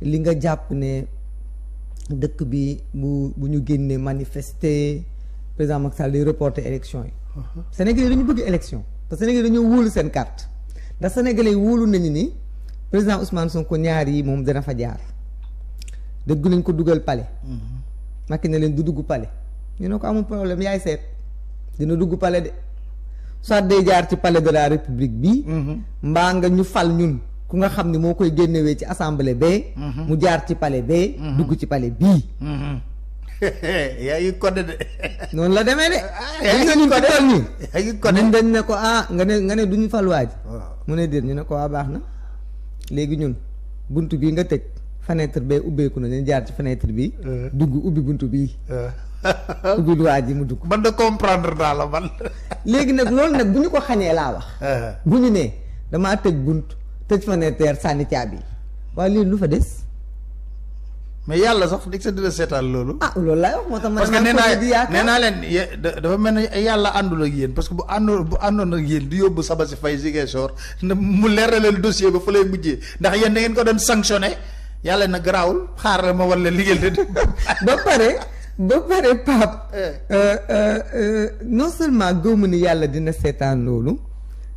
li nga jàpp ne dëkk bi bu bu ñu génnee manifester président Macky Sall day reporter élection yi. Uh-huh. Sénégalais dañu bëgg élection te Sénégalais dañoo wóolu seen carte ndax Sénégalais wóolu nañu ni président Ousmane Sonko ñaar yi moom dana fa jaar dëgg nañ ko dugal palais. Uh-huh. Macky na leen du dugg pale ñu ne ko amul problème yaay seet dina dugg palais de soit day jaar ci pale de la république bi. Uh-huh. mbaa nga ñu fal ñun. ku nga xam ne moo koy génnewee ci assemblée bee. Mhm. mu jaar ci pale bee. Mhm. dugg ci pale bii. Mhm. yaa ngi code de. noonu la demee de. Ah, yaa ngi code yaa ngi code ñun dañ ne ko ah nga ne nga ne duñu falwaaj mu ne déet ñu ne ko waa ah, baax na léegi ñun buntu bii nga tëj fenêtre bee ubbeeku na ñu jaar ci fenêtre bi eh. dugg ubbi buntu bii. Eh. ubbi luwaa ji mu dugg. man de comprendre naa la ban léegi nag loolu nag bu ñu ko xañee laa wax. Eh. bu ñu nee damaa tëj bunt. tëj fenêtre sànni caabi waaye lii lu fa des. mais yàlla sax di sa dina seetaan loolu. ah loolu moo tax parce que nee naa leen dafa mel ne yàlla àndul ak yéen parce que bu àndoon bu àndoon ak yéen di yóbbu Sabassy Faye Ziguinchor mu leeral leen dossier ba fa lay mujjee ndax yéen da ngeen ko dem sanctionné yàlla na garaawul xaaral ma war leen liggéeyal ba pare ba pare Pape eh. euh, euh, euh, non seulement gëmu ni yàlla dina seetaan loolu.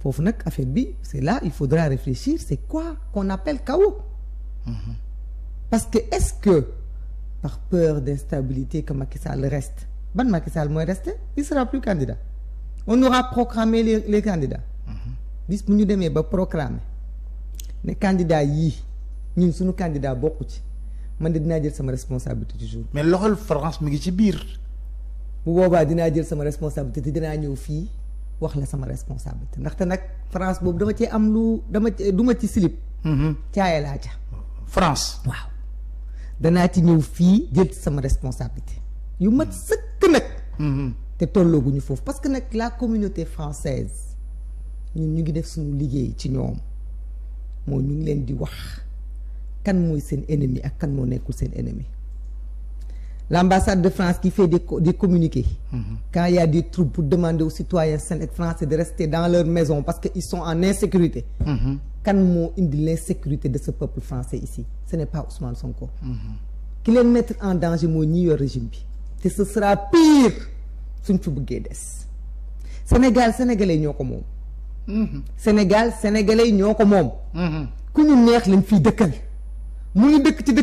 foofu nag affaire bi c'est là il faudra réfléchir c'est quoi qu'on appelle chaos mhm. parce que est-ce que par peur d'instabilité que Macky Sall reste Quand Macky Sall mooy rester il sera plus candidat on aura programmé les les candidats mhm. bis nous ne demee ba programmer Les candidats yii ñun sommes candidats beaucoup. ci man de c'est jël responsabilité toujours. mais loxol France mi ngi ci biir bu boobaa dinaa jël sama responsabilité dinaa ñëw fii wax la sama responsabilité ndaxte nag France boobu dama cee am lu dama ci duma ci silip mhm. caaye laa ca France waaw danaa ci ñëw fii jël ci sama responsabilité yu mat sëkk nag mhm. te tollooguñu foofu parce que nag la communauté française ñun ñu ngi def suñu liggéey ci ñoom moo ñu ngi leen di wax kan mooy seen ennemi ak kan moo nekkul seen ennemi l'ambassade de France qui fait des, des communiqués. Mhm. Quand il y a des troupes pour demander aux citoyens français de rester dans leur maison parce qu'ils sont en insécurité. Quand mhm. mot indi l'insécurité de ce peuple français ici, ce n'est pas Ousmane Sonko. Qui mhm. les mettre en danger mon ñi régime et ce sera pire suñ fi bëggee Sénégal sénégalais ñoo ko Sénégal sénégalais ñoo nous moom. ku ñu neex de fiy dëkkal mu ngi dëkk ci de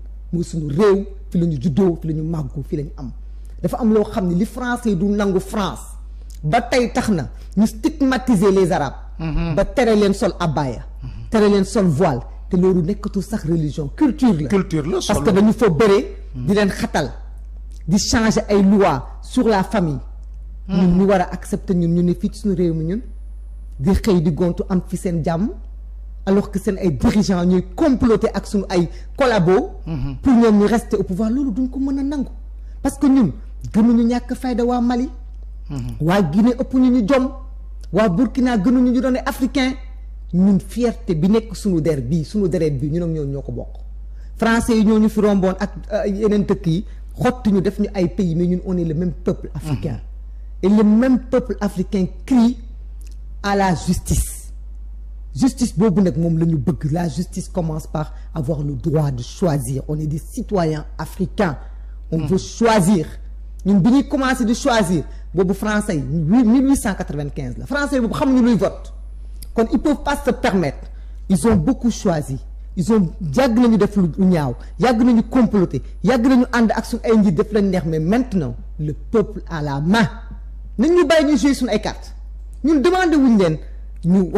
muy suñu réew fi la ñu juddoo fi la fi am dafa am lo xamni li français du nangu France ba tay taxna ñu stigmatiser les arabes mhm. ba téré len sol abaya mhm. téré len sol voile té loolu nekatu sax religion culture la culture la parce que dañu fa béré mhm. di len xatal di changer ay loi sur la famille ñun ñu wara accepter ñun ñu ne fi ci suñu réew mi ñun di xey di gontu am fi seen jamm alors que ces dirigeants ñuy comploter ak suñu ay collabo mhm. pour ñoom rester au pouvoir loolu duñ ko mën a parce que ñun gënuñu ñàkk fayda waa Mali mhm. waa Guinée ëpp ñu ñu jom waa Burkina gënuñu ñu doon africain ñun fierté bi nekk suñu der bii suñu deret bii ñun ak ñoom ñoo ko bokk français yi ñoo ñu fi romboon ak euh, yeneen dëkk yi xotti ñu def ñu ay pays mais ñun on est le même peuple africain mhm. et le même peuple africain crie à la justice justice la justice commence par avoir le droit de choisir on est des citoyens africains on hmm. veut choisir Nous avons commencé à choisir Les français 1895 les français ne vote ils peuvent pas se permettre ils ont beaucoup choisi ils ont yàgg de def lu ñaaw mais maintenant le peuple a la main Nous ñu ñu jouer sur ay cartes nous demandé wuñ nous,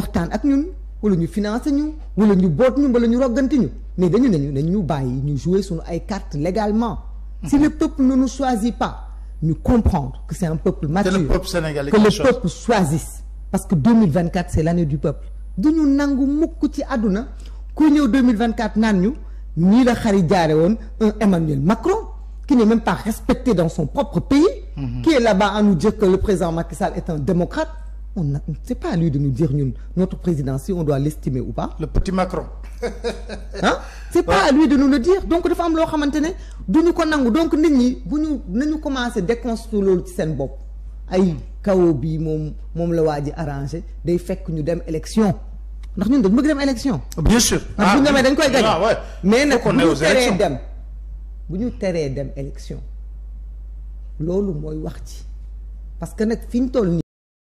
wala ñu financé ñu wala ñu boot ñu wala ñu rogganti ñu mais dañu nañu nañ ñu bàyyi ñu jouer sur ay cartes légalement mm-hmm. si le peuple ne nous choisit pas nous comprendre que c'est un peuple mature que le peuple que le peuple choisisse parce que 2024 c'est l'année du peuple du ñu nangu mukk ci àdduna ku ñëw 2024 naan ñu ñii la xari jaare woon un Emmanuel Macron qui n'est même pas respecté dans son propre pays mm-hmm. qui est là-bas à nous dire que le président Macky Sall est un démocrate c'est pas à lui de nous dire notre président si on doit l'estimer ou pas. le petit Macron. Hein? c'est pas à lui de nous le dire donc de femmes loo maintenu. ko a donc nit vous nous nous commencez commencé déconstruire le ci bob aïe ay kawo la arrangé day fekk élection ndax ñun élection. bien sûr ah, ah, mais élection parce que